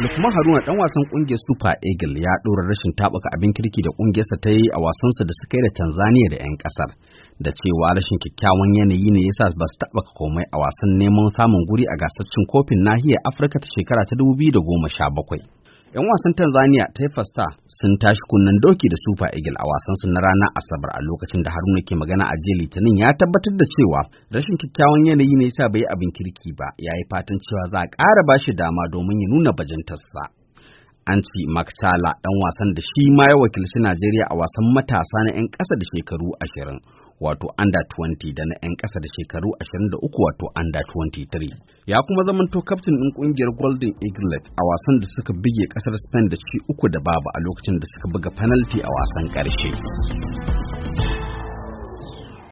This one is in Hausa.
Lukman Haruna dan wasan kungiyar Super Eagle ya ɗora rashin taɓaka abin kirki da kungiyarsa ta yi a wasansa da suka yi da Tanzania da 'yan ƙasar. Da cewa rashin kyakkyawan yanayi ne yasa ba su taɓuka komai a wasan neman samun guri a gasar cin kofin nahiyar Afirka ta shekara ta 2017. 'Yan wasan Tanzania Taifa Star sun tashi kunnen doki da Super Eagle a wasansu na rana Asabar a lokacin da Haruna ke magana a jiya Litinin ya tabbatar da cewa rashin kyakkyawan yanayi ne yasa bai abin kirki ba, yayi fatan cewa za a ƙara bashi dama domin ya nuna bajintarsa. Anci Maktala ɗan wasan da shi ma ya wakilci Najeriya a wasan matasa na 'yan ƙasa da shekaru ashirin wato under 20 da na 'yan ƙasa da shekaru 23 wato under 23. Ya kuma zamanto kaftin ɗin ƙungiyar Golden Eaglet a wasan da suka bige ƙasar Spain da ci uku da babu a lokacin da suka buga penalty a wasan ƙarshe.